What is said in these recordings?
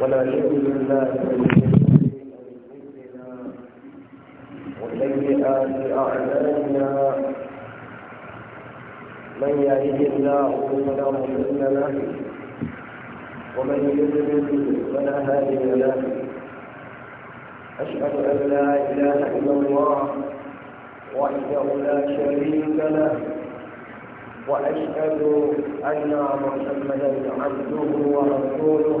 ولا ولكن لله وسيئات أعمالنا من يهد الله فلا مضل له ومن يضلل فلا هادي له أشهد أن لا إله إلا الله وحده لا شريك له وأشهد أن محمدا عبده ورسوله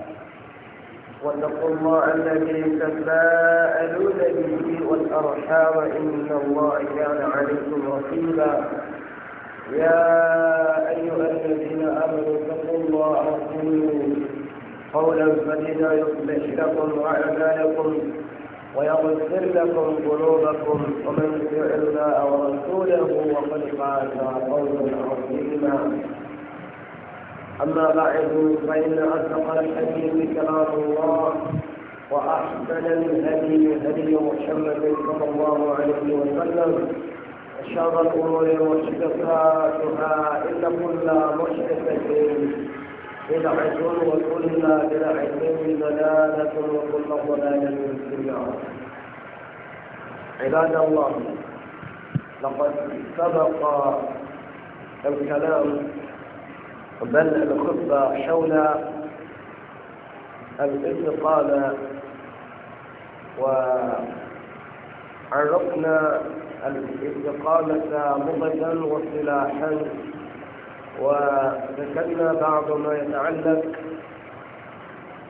واتقوا الله الذي تساءلون به والأرحام إن الله كان عليكم رقيبا يا أيها الذين آمنوا اتقوا الله وقولوا قولا سديدا يصلح لكم أعمالكم ويغفر لكم قلوبكم ومن يطع الله ورسوله وقد فاز قولا عظيما أما بعد فإن أصدق الحديث كلام الله وأحسن الهدي هدي محمد صلى الله عليه وسلم وشر الأمور محدثاتها إن كل محدثة بدعة وكل بدعة ضلالة وكل ضلالة في النار عباد الله لقد سبق الكلام بل الخطبة حول الاستقامة وعرفنا الاستقامة مضجا وصلاحا وذكرنا بعض ما يتعلق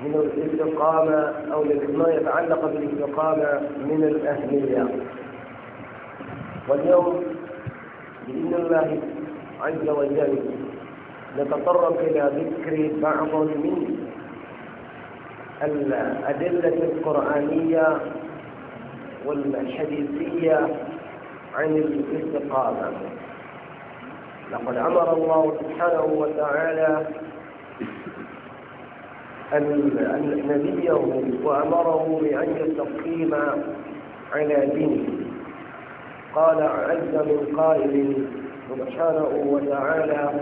من الاستقامة أو ما يتعلق بالاستقامة من الأهلية واليوم بإذن الله عز وجل نتطرق إلى ذكر بعض من الأدلة القرآنية والحديثية عن الاستقامة لقد أمر الله سبحانه وتعالى أن نبيه وأمره بأن يستقيم على دينه قال عز من قائل سبحانه وتعالى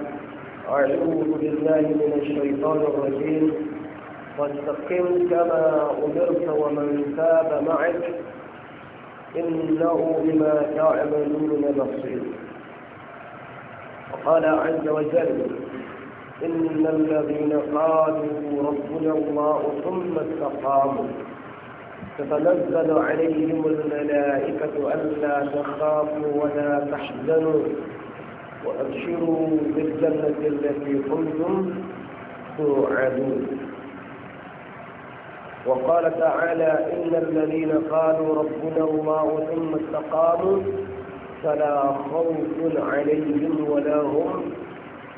أعوذ بالله من الشيطان الرجيم واستقم كما أمرت ومن تاب معك إنه بما تعملون بصير وقال عز وجل إن الذين قالوا ربنا الله ثم استقاموا تتنزل عليهم الملائكة ألا تخافوا ولا تحزنوا وأبشروا بالجنة التي كنتم توعدون وقال تعالى إن الذين قالوا ربنا الله ثم استقاموا فلا خوف عليهم ولا هم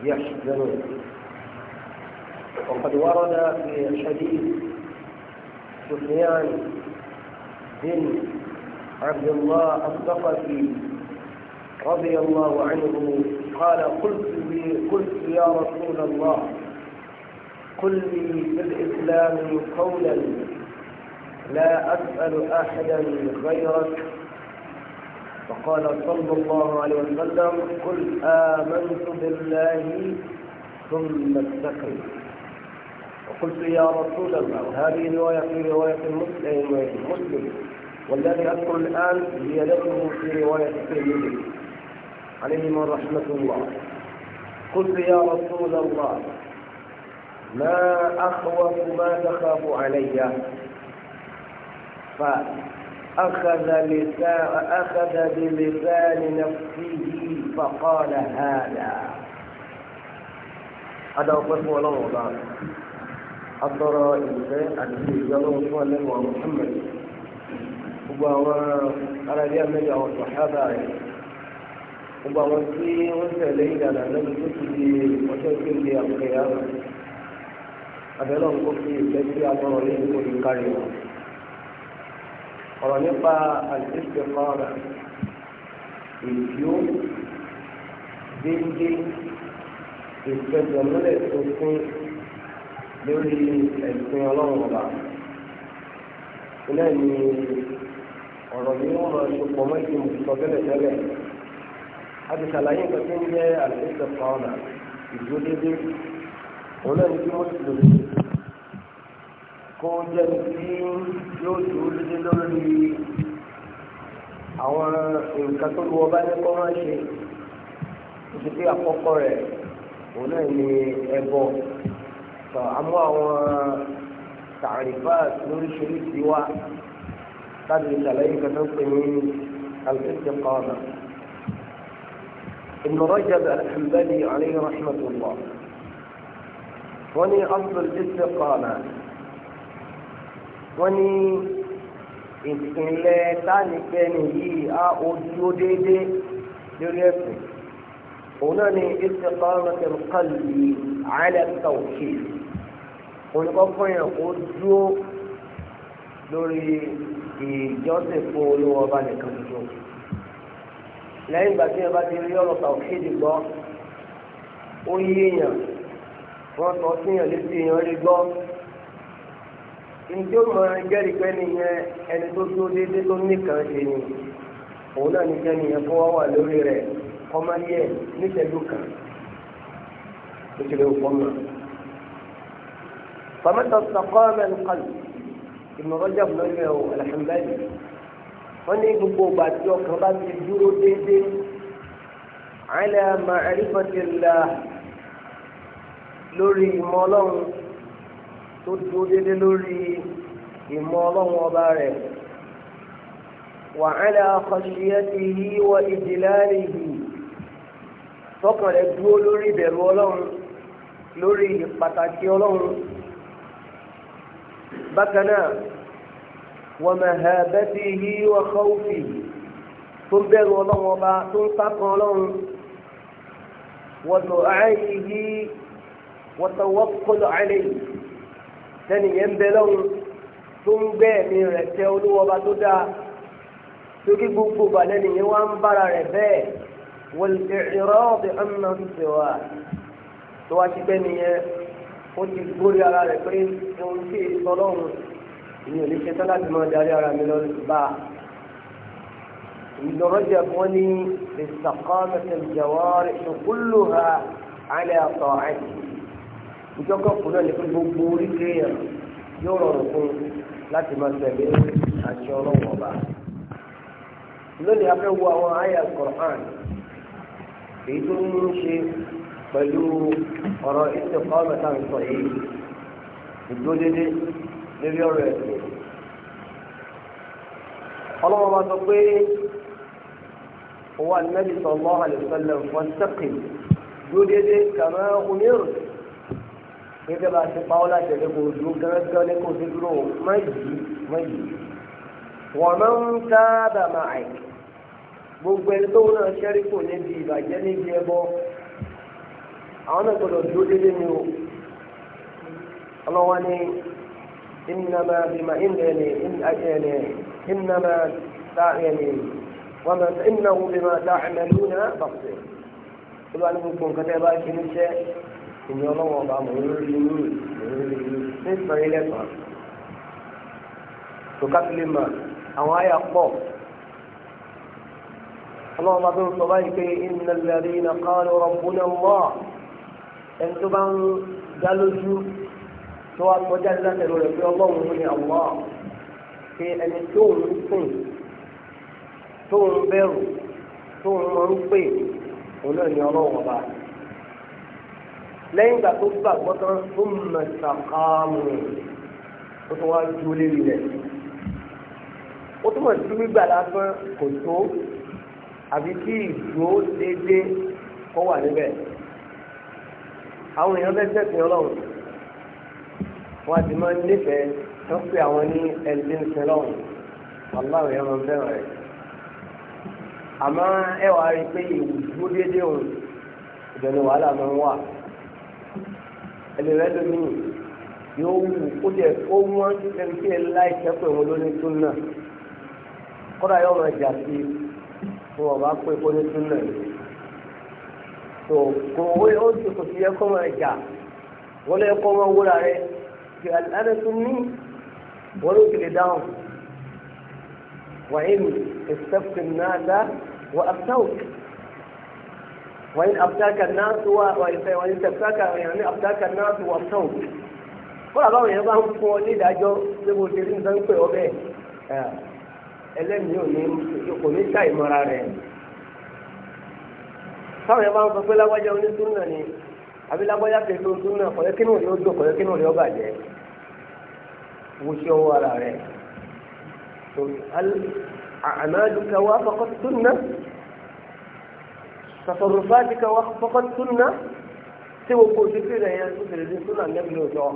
يحزنون وقد ورد في الحديث سفيان بن عبد الله الثقفي رضي الله عنه قال قلت لي قلت يا رسول الله قل لي في الإسلام قولا لا أسأل أحدا غيرك فقال صلى الله عليه وسلم قل آمنت بالله ثم استقم وقلت يا رسول الله هذه رواية في رواية مسلم والذي أذكر الآن هي له في رواية الترمذي عليهما رحمة الله قلت يا رسول الله ما أخوف ما تخاف علي فأخذ لسان أخذ بلسان نفسه فقال هذا هذا هو قسم الله وضع أترى إنسان أكيد يلوم صلى الله محمد وهو على اليمن نجا والصحابة عليه gbogbo àwọn tí wọ́n tẹ̀lé ìdàlà lẹ́nu tó ti di ọjọ́ tí ó di àpẹyà rẹ̀ abẹ́lẹ́ ọ̀hún kò fi ìfẹ́ sí agbọ́rọ̀ yìí kò ní kárí wọn. ọ̀rọ̀ nípa àdìsíṣẹ́ kọ́ra ìdíó déédé ìfẹsẹ̀múlẹ̀ tó fún lórí ẹ̀sìn ọlọ́run ọba. ilé ni ọ̀rọ̀ yìí wọ́n máa ṣe mọ́ ìdí mùsùlùmí a ti ṣàlàyé nǹkan tó ń jẹ́ àlùfẹ́sẹ̀ fáwọn ìdúródédé òun náà ní kí wọ́n ti lò ní kó jẹ́ tí yóò dúró dédé lórí àwọn nǹkan tó lu ọba ní kọ́ máa ṣe oṣù tí àkọ́kọ́ rẹ̀ òun náà ní tọ́ amú àwọn tàrífà lóríṣiríṣi wá láti ṣàlàyé nǹkan tó ń pè ní àlùfẹ́sẹ̀ fáwọn. ابن رجب الحنبلي عليه رحمة الله وني أصل الاستقامة وني ìpínlẹ̀ tánìkẹ́ni yìí á ojú déédé lórí ẹ̀sìn òun náà ni istiqamati al-qalbi ala tawhid olùkọ́kọ́ yẹn ó lórí ìjọsìn fún olówó ọba nìkan tuntun lẹ́yìn ìgbà tí yẹn bá ti rí ọ̀rọ̀ tàwùkìdì gbọ́ ó yí èèyàn wọ́n sọ síyàn létí èèyàn rí gbọ́ ìdí ó mọ jẹ́rìí pé nìyẹn ẹni tó tó déédéé tó nìkan ṣe ni òun náà nìkan nìyẹn fún wa wà lórí rẹ̀ ọmọ yẹ níṣẹ́jú kan ó ti lè wọ́n mọ́. فمتى استقام القلب ابن رجب نجمه الحنبلي wọ́n ní gbogbo ìgbà tí ọkàn bá ti dúró déédéé ala ma'rifatillah lórí ìmọ̀ ọlọ́run tó dúró déédéé lórí ìmọ̀ ọlọ́run ọba rẹ̀ wa ala khashiyatihi wa ijlalihi tọkàn rẹ̀ dúró lórí ìbẹ̀rù ọlọ́run lórí pàtàkì ọlọ́run bákan náà. ومهابته وخوفه تنبغ الله وبا تنطق الله ودعائه وتوكل عليه تاني ينبلون تنبغ من رسول وبا تدع تكي بوكو بلني يوان برا رباه والإعراض عما سواه تواشي بني قلت على الكريم يوم في صلوه èmi ò ní ṣe tán láti máa darí ara mi lọ bá a. ابن رجب وني استقامة الجوارح كلها على طاعته ìjọba ọkùnrin ní pé gbogbo oríkèé yóò rọrùn fún láti máa tẹ̀lé àṣẹ ọlọ́wọ́ ọba lónìí a fẹ́ wo àwọn àyà Qur'an èyí tó ń ṣe pẹ̀lú ọ̀rọ̀ ìṣèkọ́ ọ̀mẹ́ta ń sọ yìí lórí ọ̀rọ̀ ẹ̀sìn ọlọ́wọ́ wa sọ pé owó anabi sallallahu alaihi wasallam fastaqim dúró déédé kama umiru gẹ́gẹ́ bá a ti pa ọ́ láti ẹ̀dẹ́ kò dúró gẹ́gẹ́ ní kò sí dúró má yìí má yìí wọ́n máa ń sábà máa ẹ̀ gbogbo ẹni tó náà ṣẹ́rí kò níbi ìbàjẹ́ níbi ẹbọ àwọn náà gbọdọ̀ dúró déédé ni o ọlọ́wọ́ ni. إنما بما إن يعني إن يعني إنما يعني وما إنه بما تعملون بصير كل أنا ممكن كتاب أشي من شيء إن الله وضع مرور نسمع إليك تكلم أو آية قوم اللهم بن صبيك إن الذين قالوا ربنا الله أنتم قالوا tó wá kọjá látẹ̀rù rẹ̀ pé ọlọ́run ní àwọn pé ẹni tóun ń sìn tóun bẹ̀rù tóun mọ̀ ń pè òun náà ní ọlọ́run ọba lẹ́yìn ìgbà tó gbàgbọ́ tán ó mẹ̀sàkámù ó tún wá ju lérí rẹ̀ ó túmọ̀ sí gbígbà lásán kò tó àbí kí ìdúró déédéé kó wà níbẹ̀ àwọn èèyàn fẹ́ sẹ́sìn ọlọ́run wọ́n ti máa ń nífẹ̀ẹ́ tó pé àwọn ní ẹ̀ndín sẹlọ́ọ̀n aláwọ̀ yẹn máa ń fẹ́ràn rẹ̀ àmọ́ ẹ wàá rí i pé ìwúdó déédéé òun ìdẹ̀nu wàhálà máa ń wà ẹlẹ́rẹ́ lómi yóò wù ó jẹ́ ó wọ́n ẹni tí ẹ láì sẹ́pẹ̀ wọn ló ní tún náà kọ́dà yóò máa jà sí i fún ọba pé kó ní tún náà tó kò ó ti kò sí ẹ kó máa jà wọ́n kó máa wúra rẹ̀ pé alẹ́ tó ní wọ́n ló ti lè dáhùn wàhíìmù ìsẹ́fìn náà dá wà á sáwùk wàhíìmù àbúdáka náà tó wà wàhíìmù ìsẹ́fìdáka èèyàn ní àbúdáka náà tó wà sáwùk fún àbáwọn èèyàn bá ń fún ọ ní ìdájọ́ pé mo ṣe ní nǹkan pé ọ ẹlẹ́mìí ò ní kò ní ká ìmọ̀ra rẹ̀ táwọn èèyàn bá ń sọ pé láwájá onísùn náà ni àbí lágbájá kẹ ló ń dún náà kọ̀yẹ́ kínú rẹ̀ ó dùn kọ̀yẹ́ kínú rẹ̀ ó bàjẹ́ wo ṣe ọwọ́ ara rẹ̀ tó àmàdùkà wà fọkàn tún náà tasarrufatika wà fọkàn tún náà tí gbogbo òṣèlú rẹ̀ yẹn tó tẹ̀lé tún náà lẹ́bi lóòótọ́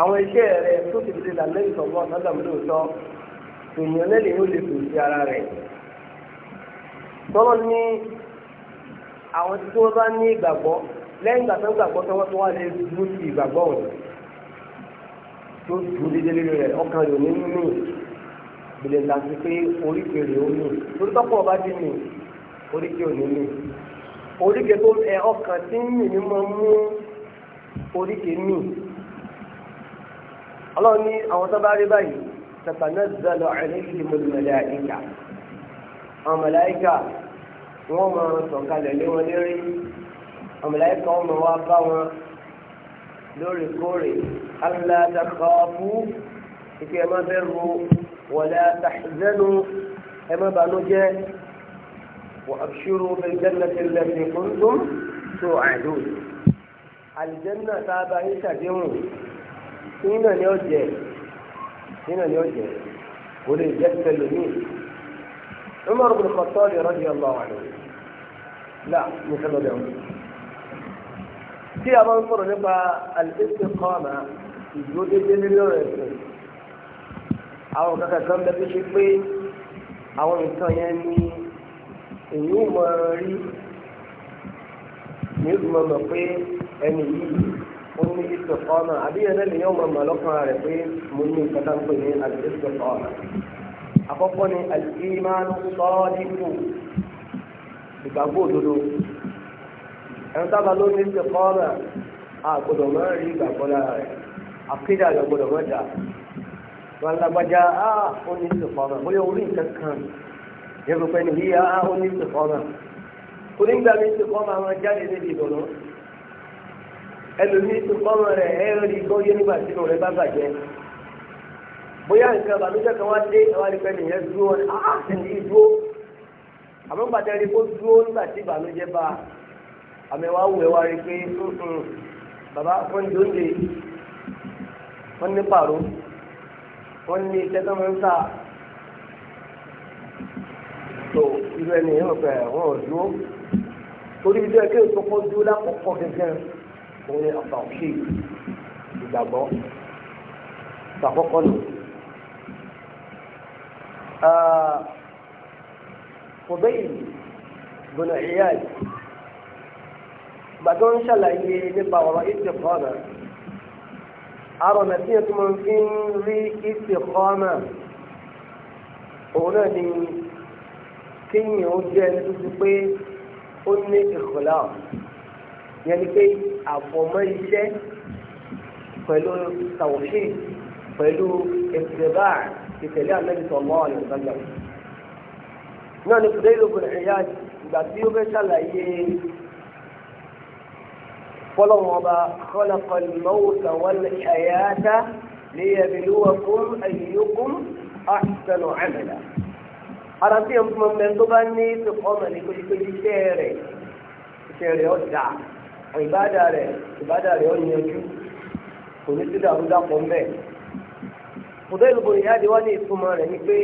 àwọn iṣẹ́ rẹ̀ tó tẹ̀lé tún náà lẹ́bi sọ̀gbọ́n sọ́dọ̀ lóòótọ́ tòyìn ọlẹ́lẹ̀ yóò lè tòṣì ara rẹ̀ tọ́lọ́ ní àwọn tí wọ́n bá ní ìgbàgbọ́ lẹ́yìn ìgbà tó ń gbàgbọ́ tó wọ́n tó wá lè dúró sí ìgbàgbọ́ òun tó dúró dédé lórí rẹ̀ ọkàn rẹ̀ ò ní mí gbèlè ń dàgbé pé oríkè rẹ̀ ó mì torí tọ́pọ̀ ọba dì mí oríkè ò ní mì oríkè tó ẹ ọkàn tí ń mì ní mú oríkè mì ọlọ́run ní àwọn tó bá rí báyìí tàtàná zàlọ àìlẹ́yìn mọ̀lẹ́mọ̀lẹ́ àìkà àwọn mọ̀lẹ́ àìkà wọ́n máa sọ̀kalẹ̀ lé wọn lérí ọmọláyé kan máa wá bá wọn lóòrèkóòrè aládàkọ́fù ìpè ẹ̀ má bẹ̀rù wọlé àtàzẹ́nu ẹ̀ má bànújẹ́ wọ́n abṣírò bẹ́ẹ̀ jẹ́nà tẹ̀lẹ̀ ní kúndùn tó àdùn. àlìjẹ́nà tá a bá yín ṣàdéhùn nínà ni ó jẹ nínà ni ó jẹ kò lè jẹ́ tẹ̀lẹ̀ míì. عمر بن الخطاب رضي الله عنه لا مثل عمر tí a máa ń sọ̀rọ̀ nípa al-istiqama ìdúródédé nínú ẹ̀sìn àwọn kankan kan bẹ tó ṣe pé àwọn nǹkan yẹn ni èyí ò mọ rí ní o mọ mọ pé ẹni yìí ó ní istiqama àbí ẹ̀rẹ́ lèyàn mọ̀ mọ̀ lọ́kàn rẹ̀ pé mo ní nǹkan tá ń pè ní al-istiqama àkọ́kọ́ ni al-iman sọ́ọ́dínkù ìgbàgbọ́ òdodo ẹ̀rọ tábà ló ní ṣe kọ́ọ̀rọ̀ àgbọ̀dọ̀ mọ́ rí ìgbàgbọ́ lára rẹ̀ àkídà rẹ̀ gbọ́dọ̀ mọ́ dà wọn lágbájá á ó ní ṣe kọ́ọ̀rọ̀ bóyá orí nǹkan kan yẹ kó pẹ́ ní yíyá á ó ní ṣe kọ́ọ̀rọ̀ onígbà mi ṣe kọ́ọ̀rọ̀ àwọn jáde níbi ìdùnnú ẹlòmíì ṣe kọ́ọ̀rọ̀ rẹ̀ ẹ̀rí bóyá nǹkan àbànújẹ́ kan wá dé àwọn àdìpẹ́ nìyẹn dúró wọn á sì ní dúró àmọ́ gbàtà rí kó dúró nígbà tí ìbànújẹ́ bá àmì wa wù ẹ́ wá rí pé bàbá wọn ní oúnjẹ wọn ní pàrọ̀ wọn ní iṣẹ́ tó máa ń sà tó irú ẹni yẹn wọn fẹ́ wọn ò dúró torí ibi ẹ̀ kéwòn tó kọ́ dúró lákòókò gẹ́gẹ́ òun ni àbàwọ̀ ṣe ìgbàgbọ́ ìgbàkọ́kọ́ nù fọ̀bẹ́yìn bọ̀nà ìyá yìí gbàtọ́ ń ṣàlàyé nípa ọ̀rọ̀ ìsìnkọ́nà àrọ̀nà tí ẹ̀ tó máa ń fi ń rí ìsìnkọ́nà òun náà ni kéèyàn ó jẹ́ ẹni tó ti pé ó ní ìkọ̀lá yẹn ni pé àfọ̀mọ́ iṣẹ́ pẹ̀lú tàwọ̀ṣì pẹ̀lú ìsìnkọ́nà ìtẹ̀lé Ànábì sallallahu alaihi wasallam. náà ni kùdé ìlú gbọdọ̀ ẹ̀yà ìgbà tí ó fẹ́ ṣàlàyé fọlọ́wọ́n ọba khalaqa al-mawta wal-hayata liyabluwakum ayyukum ahsanu amala. ara tí yẹn fún mi tó bá ní ìsìnkọ́mọ̀ ní kókó iṣẹ́ rẹ̀ ọ̀dà ìbádà rẹ̀ ìbádà rẹ̀ ọ̀yẹ́jú kò ní sí fùdẹ́lù bò ìyáàdì wá ní ìtumọ̀ rẹ̀ ni pé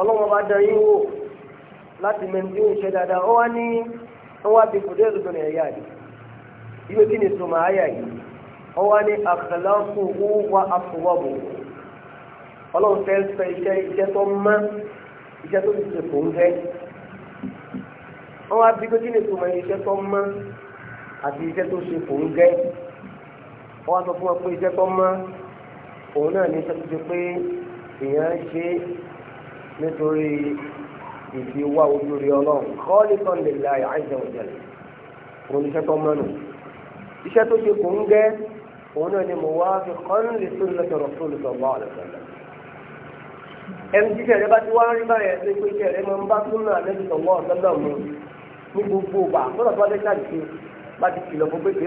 ọlọ́wọ́n bá dán yín wò láti mẹ́ntí ń ṣe dáadáa ó wá ní wọ́n wá bí fùdẹ́lù bò ìyáàdì yóò kí ni ìtumọ̀ àyà yìí ó wá ní àkàlàkù wú wa àfọwọ́bù ọlọ́run fẹ́ fẹ́ iṣẹ́ iṣẹ́ tó mọ́ iṣẹ́ tó ti ṣe kò ń fẹ́ wọ́n wá bí kí ni ìtumọ̀ iṣẹ́ tó mọ́ àti iṣẹ́ tó ṣe kò ń gẹ́ wọ́n wá sọ fún wọn pé iṣẹ́ tó mọ́ òun náà ní sọ́tún ti pé èèyàn ń ṣe nítorí ìfi wá ojú rí ọlọ́run khaliqan lillahi azza wa jalla òun iṣẹ́ tó mọ́nu iṣẹ́ tó ṣe kò ń gẹ́ òun náà ni muwafiqan li sunnati rasul sallallahu alaihi wasallam ẹni tí tẹ̀lé bá ti wá rí báyẹn ṣe pé tẹ̀lé máa ń bá súnà lẹ́bi sọ̀wọ́ ọ̀sọ́dọ̀ mu ní gbogbo ìgbà fúnà tó wá fẹ́ ṣàdìsí bá ti kìlọ̀ fún pé kì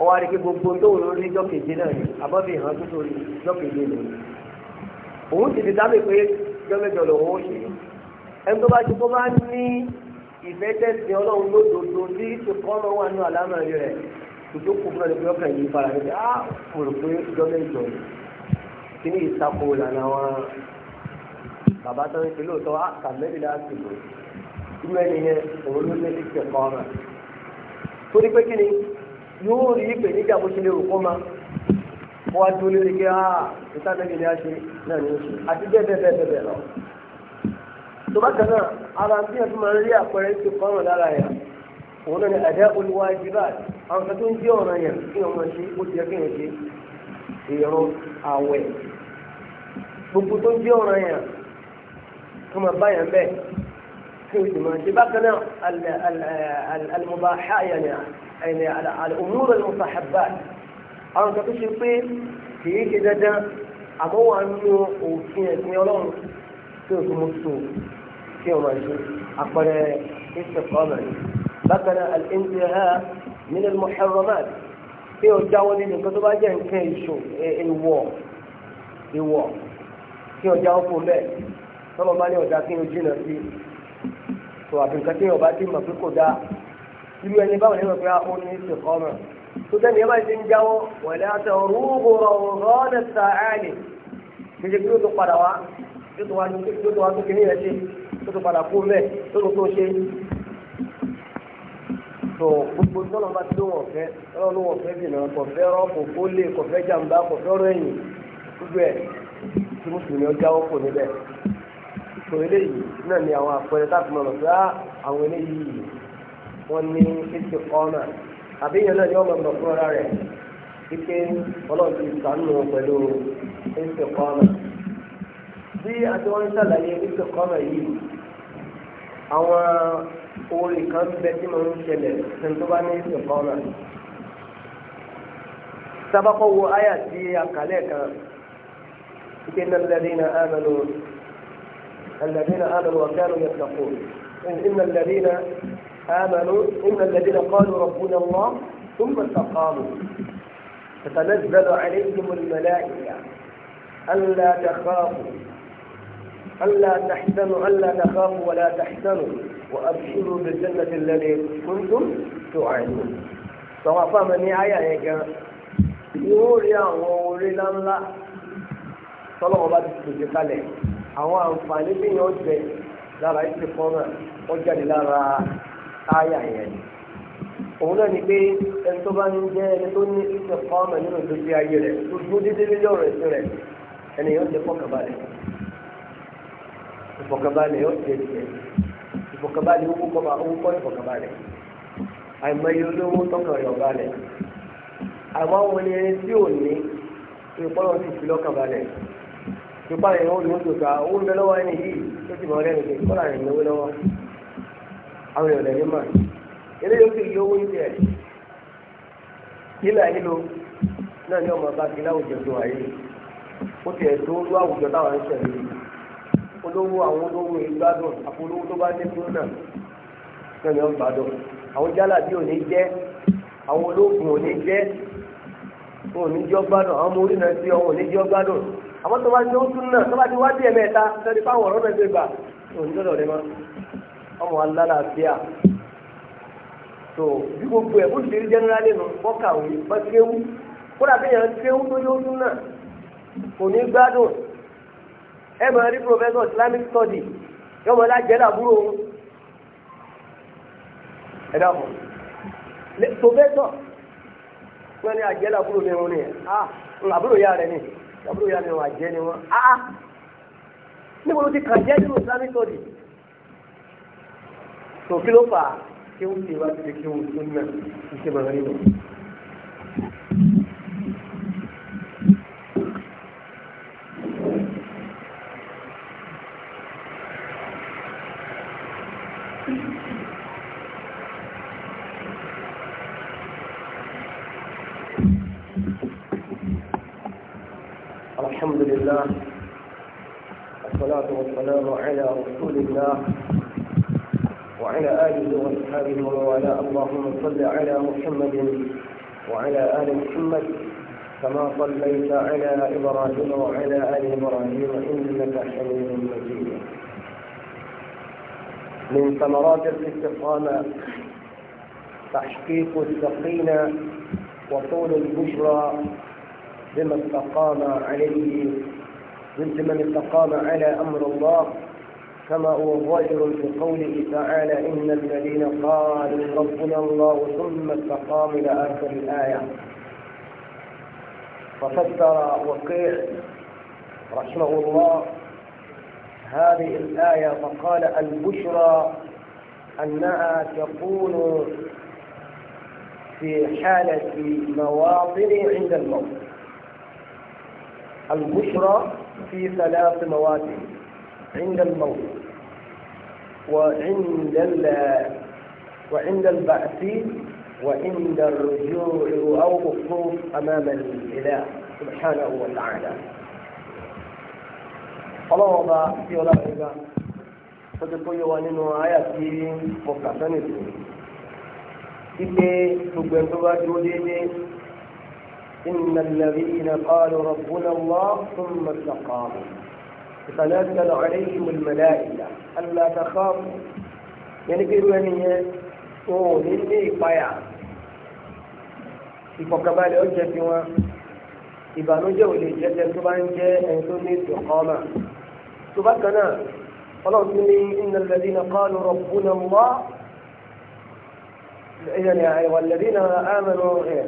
ó wá rí pé gbogbo tó wọ́n rí jọ́kèje náà ni àbọ̀bí hàn tó torí jọ́kèje ni òun ti ti dábì pé jọ́mẹ́jọ lòun ó ṣe ẹni tó bá ti kó bá ní ìfẹ́ tẹ̀sí ọlọ́run lódodo tí ìkọ́nà wà ní àlámà rẹ̀ tó kó fún ẹni pé ọkàn yìí fara rẹ̀ á mo rò pé jọ́mẹ́jọ ni kí ni ìtakò ìlànà wọn bàbá tó ń ṣe lóòótọ́ á kà mẹ́rìnlá sí lò ìmọ̀ ẹni yẹn òun ló ní ìṣẹ̀kọ́ ọ̀rọ̀ torí ni yóò rí ìpèníjà bó ṣe lè rò kó ma wọ́n á dúró lórí pé áà ìtànẹ́bí ni a ṣe náà ni ó ṣe àti bẹ́ẹ̀ bẹ́ẹ̀ bẹ́ẹ̀ bẹ́ẹ̀ lọ. tó bá kan náà ara bí ẹ̀ tó máa ń rí àpẹẹrẹ tó kọ́ràn lára yẹn òun náà ni àdá olúwa jìbá àwọn kan tó ń jẹ́ ọ̀ràn yẹn kí wọ́n máa ṣe ó ti yẹ kí wọ́n ṣe ìrún àwẹ̀ gbogbo tó jẹ́ ọ̀ràn yẹn kí wọ́n bá yẹn bẹ́ẹ̀ kí wọ́n sì máa ṣe bákan náà alùmọ̀bá ẹni àlùmúrò ní mùsàhábà àwọn kan tó ṣe pé kìí ṣe dandan àmọ́ wà nínú òfin ẹ̀sìn ọlọ́run tí o tó mú tó kí o máa ṣe àpẹẹrẹ istiqama ni bákan náà al-intiha min al-muharramat tí o jáwọ́ nínú nǹkan tó bá jẹ́ nǹkan ìṣò ìwọ̀ ìwọ̀ kí o jáwọ́ fún bẹ́ẹ̀ tọ́lọ́ bá ní ọ̀dà kí o jìnnà sí i tó àbí nǹkan tí o bá ti mọ̀ pé kò dáa irú ẹni báwo ni wọ́n fi ó ní ìsìnkọ́mọ̀ tó tẹ́ni ẹ bá ti ń jáwọ́ wọ̀lẹ́ àti ọ̀rúgbò rọ̀rọ̀ sàáàlì kéde kí ó tó padà wá tó tó wá tó kíní rẹ̀ ṣe tó tó padà kú mẹ́ tó tó tó ṣe. tó gbogbo tọ́nà bá ti lóun ọ̀fẹ́ tọ́nà lóun ọ̀fẹ́ bìnà kọ̀fẹ́ rọ́pò kó lè kọ̀fẹ́ jàǹbá kọ̀fẹ́ ọ̀rọ̀ ẹ̀yìn gbogbo ẹ̀ tí mùsùlùmí ọjà ó kò níbẹ̀. tó eléyìí náà ni àwọn àpẹẹrẹ táàbù náà lọ sí ah, àwọn eléyìí wọ́n ní fífi kọ́nà àbí yẹn náà yọ ọmọ ọmọ fúnra rẹ̀ wípé ọlọ́run ti sànù pẹ̀lú fífi kọ́nà. bí àtiwọ́n ṣàlàyé fífi kọ́nà yìí àwọn orin kan bẹ tí mo ń ṣẹlẹ̀ tuntun tó bá ní fífi kọ́nà. sábàkọ́ wo àyà tí a kan wípé náà lẹ́rìí náà á mẹ́nu الذين آمنوا وكانوا يتقون إن الذين آمنوا إن الذين قالوا ربنا الله ثم استقاموا تتنزل عليهم الملائكة ألا تخافوا ألا تحزنوا ألا تخافوا ولا تحزنوا وأبشروا بالجنة الذي كنتم توعدون سواء فهم النهاية هيك يوري ووري الله صلى الله عليه وسلم àǹfààní tí yóò jẹ lára ìsìnkú náà ó jáde lára áyà yẹn ni òun náà ni pé ẹni tó bá ń jẹ́ ẹni tó ní ìṣe fọ́ọ̀mù nínú ìdójú ayé rẹ̀ tó dúró dédé lórí ọ̀rọ̀ ẹ̀sìn rẹ̀ ẹni yóò jẹ́ fọ́kànbalẹ̀ ìfọ̀kànbalẹ̀ yóò jẹ́ tiẹ̀ ìfọ̀kànbalẹ̀ owó kọ́ bá owó kọ́ ìfọ̀kànbalẹ̀ àìmọye olówó tọkàn rẹ̀ ọ̀balẹ̀ àwọn àwọn ẹni ẹni tí ò ní ìpọ́nlọ́ sì fi lọ́kàn balẹ̀ ìpààyàn olùwòsòkà owó ń bẹ lọ́wọ́ ẹni yìí tó ti mọ̀ ọ́ lẹ́nu àwọn èèyàn lẹ́yìn mà eléyìí ó sì yí ilé ẹ̀ nílà nílò náà ní ọmọ bá ti láwùjọ tó wáyé ó tiẹ̀ tó lú àwùjọ táwọn ń sẹ̀lẹ̀ olówó àwọn olówó ìgbádùn àpolówó tó bá ní kúrónà náà ní ọgbà dùn àwọn jálàbí ò ní jẹ́ àwọn ológun ò ní jẹ́ wọn ò ní jẹ́ ọgbádùn àwọn ọmọ ò ní jẹ́ ọgbádùn àwọn tó bá tún ọmọ wa lálàáfíà tó bí gbogbo ẹ̀ bó ti rí jẹ́nẹ́rálì nù bọ́kàwé bọ́kéwú kódà bí yẹn kéwú tó yóò tún náà kò ní gbádùn ẹ máa rí professor islamic study yóò máa lájẹ́ làbúrò òun ẹ dàpọ̀ professor wọ́n ni àjẹ́ làbúrò ní wọn ni ah àbúrò yá rẹ̀ ni àbúrò yá ni wọn àjẹ́ ni wọn ah, ah níbo ló ti kàn jẹ́ nínú islamic study. tó kí ló fà á kí ó ṣe wá ṣe kí ó tún náà kí ṣe máa rí wọn. الحمد لله والصلاة والسلام على رسول الله وآله ومن اللهم صل على محمد وعلى آل محمد كما صليت على إبراهيم وعلى آل إبراهيم إنك حميد مجيد من ثمرات الاستقامة تحقيق السقينة وطول البشرى لمن استقام عليه ضد من استقام على أمر الله كما هو ظاهر في قوله تعالى إن الذين قالوا ربنا الله ثم استقاموا إلى آخر الآية ففسر وقيع رحمه الله هذه الآية فقال البشرى أنها تكون في حالة مواطن عند الموت البشرى في ثلاث مواطن عند الموت وعند وعند البعث وعند الرجوع أو الخوف أمام الإله سبحانه وتعالى ọlọ́wọ́n الله rẹ̀ gbá ó ti kó yé wa إن الذين قالوا ربنا الله ثم استقاموا فنزل عليهم الملائكة ألا تخاف يعني كيف يعني هو هني بايع إذا كمال أجل سوى إذا نجو لجد سبان جاء أنتوني تقاما سبقنا الله سمي إن الذين قالوا ربنا الله إذا يا أيها الذين آمنوا إيه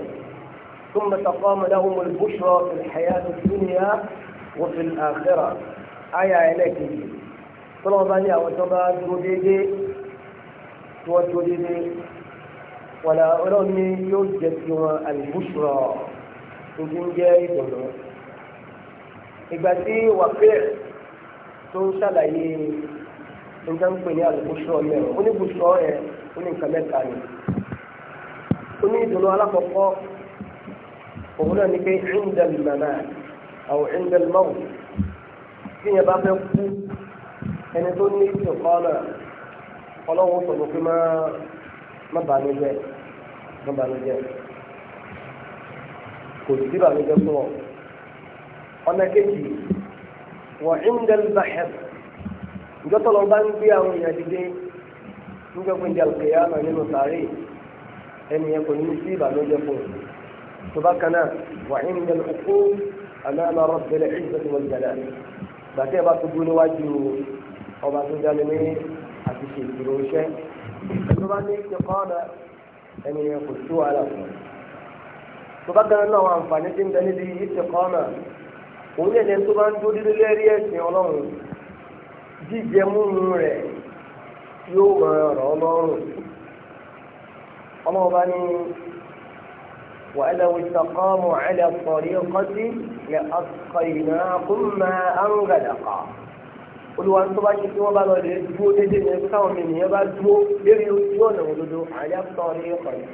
ثم تقام لهم البشرى في الحياة الدنيا وفي الآخرة àyà ẹlẹ́kejì tọ́lọ́wọ́n bá ní àwọn tó bá dúró déédé tí wọ́n dúró déédé wàlà ọlọ́run ní yóò jẹ́ sí wọn àlùbùsùrọ̀ ojú ń jẹ́ ìdùnnú. ìgbà tí wàpẹ́ tó ń ṣàlàyé nǹkan ń pè ní àlùbùsùrọ̀ mẹ́rin oníbùsùrọ̀ yẹn ó ní nǹkan mẹ́ta ni. ó ní ìdùnnú alákọ̀ọ́kọ́ òun náà ní pé ìndàlùmọ̀nà àwọn ìndàlùmọ̀wò tí yẹn bá fẹ́ kú ẹni tó ní ìṣèkọ́nà ọlọ́run sọ̀rọ̀ pé má má bànújẹ́ má bànújẹ́ kò sí bànújẹ́ fún ọ. ọ̀nà kejì wọ́n ìndẹ́lú bàhẹ́f ìjọ́tọ̀ lọ bá ń gbé àwọn èèyàn dìde nígbà pé ìjà òkè yára nínú sàárè ẹni yẹn kò ní sí ìbànújẹ́ fún un. tó bá kan náà wọ́n ìndẹ́lú òkú àmì àmà rọ̀ bẹ̀rẹ̀ ìjọ́tọ̀ wọn jàdá gbàtẹ́ ẹ bá tó dúró níwájú ọba tó dání ní àti ṣe ìdúró iṣẹ́ tó bá ní ṣe kọ́ ọ̀nà ẹni yẹn kò sí wàhálà fún un tó bá gánà náà àwọn àǹfààní tí ń bẹ níbi ìṣe kọ́ ọ̀nà òun yẹn lẹ́nu tó bá ń dúró dídí lérí ẹ̀sìn ọlọ́run jíjẹ múmu rẹ̀ yóò ràn ọ̀rọ̀ ọlọ́run ọlọ́run bá ní wàhálà wíṣọ kọ́ ọmọ ẹ̀dá pọ̀ ọkọ́ sí. لأسقيناكم ماء غدقا olùwà tó bá ṣe kí wọ́n bá lọ lè dúró dédé ní ẹgbẹ́ táwọn ènìyàn bá dúró lérí ojú ọ̀nà òdodo àyà sọ̀rí ẹ̀kọ́ yìí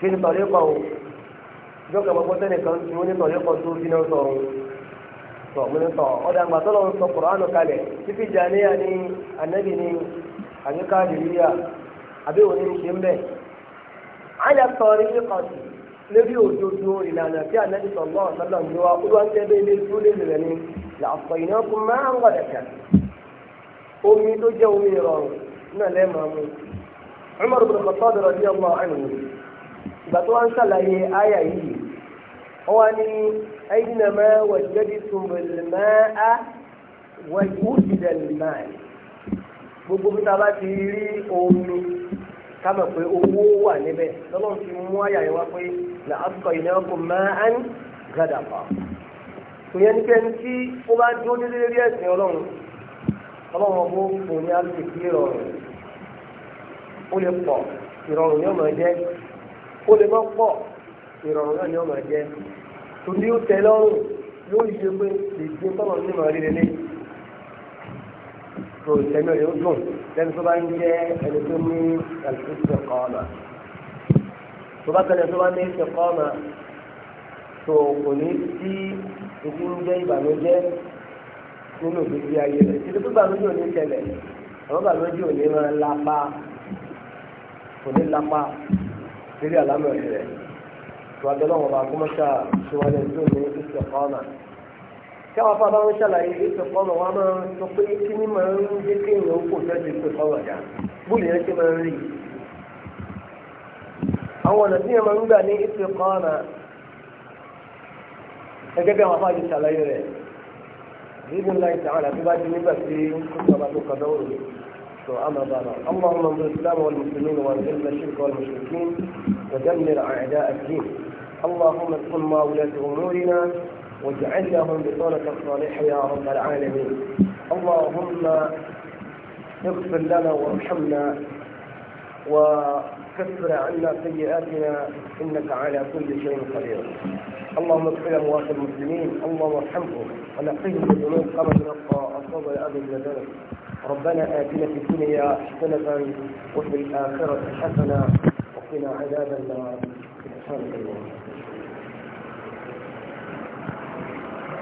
ṣé ní sọ̀rí ẹ̀kọ́ o ìjọba ìgbàgbọ́ sẹ́nìkan tí wọ́n ní sọ̀rí ẹ̀kọ́ tó fi náà sọ̀rọ̀ sọ̀ mo ní sọ̀ ọ̀dà àgbà tọ́lọ̀ ń sọ kùránù kalẹ̀ títí jàníyà ní ànábì ní àbíká àdìríyà àbí òní ń ṣe ń bẹ̀ àyà sọ̀rí ẹ̀kọ́ sí lórí òdodo ìlànà tí ànábì sọ̀lọ́ ọ̀sọ́lọ́ ní wa olúwa tẹ́lẹ̀ ilé tó lè rẹ̀ ni làpọ̀ iná máa ń omi tó jẹ́ omi ìrọ̀rùn náà lẹ́ẹ̀ máa mú Umar bin Khattab radiyallahu anhu ìgbà tó wá ń sàlàyé àyà yìí wá ní maa kama pé owó wà níbẹ̀ lọ́lọ́run fi mú àyà yẹn wá pé là á sọ ìnáwó máa ń gàdà pa. ìyẹn ní kẹ́ni tí ó bá dúró dédé lórí ẹ̀sìn ọlọ́run ọlọ́run ọgbó fún ní àlùkí ìrọ̀rùn ó lè pọ̀ ìrọ̀rùn yóò máa jẹ́ ó lè má pọ̀ ìrọ̀rùn náà yóò máa jẹ́ torí ó tẹ lọ́rùn yóò yẹ pé ìdí tọ́lọ̀ ní màá rí lélẹ́ lẹ́nu tó bá ń jẹ́ ẹni tó ní al-istiqama tó bá tẹ̀lé tó bá ní istiqama tó kò ní sí ibi ń jẹ́ ìbànújẹ́ nínú ìgbésí ayé rẹ̀ títí tó bànújẹ́ ò ní ṣẹlẹ̀ àwọn bànújẹ́ ò ní máa lápá kò ní lápá lórí àlámọ̀ rẹ̀ tó adọ́lọ́wọ̀n bá kọ́mọ́ṣà ṣíwájú tó ní istiqama táwọn afọ abáwọn ṣàlàyé ètò kọ́mọ̀ wọn máa sọ pé kí ni máa ń jẹ́ kéèyàn ó kò jẹ́jẹ́ ètò kọ́mọ̀ dá bóòlù yẹn ṣe máa ń rí àwọn ọ̀nà tí yẹn máa ń gbà ní ètò kọ́mọ̀ gẹ́gẹ́ bí àwọn afọ àti ṣàlàyé rẹ̀ بإذن الله تعالى في بعد نبقى في خطبة قدور أما بارا اللهم انصر الإسلام والمسلمين وانزل الشرك والمشركين ودمر أعداء الدين اللهم اكفر ما ولاة أمورنا واجعلهم بطولة الصالح يا رب العالمين اللهم اغفر لنا وارحمنا وكفر عنا سيئاتنا انك على كل شيء قدير اللهم اغفر اموات المسلمين اللهم ارحمهم من ذنوب قبل نبقى الصبر ابي الذنب ربنا اتنا في الدنيا حسنه وفي الاخره حسنه وقنا عذاب النار سبحانك اللهم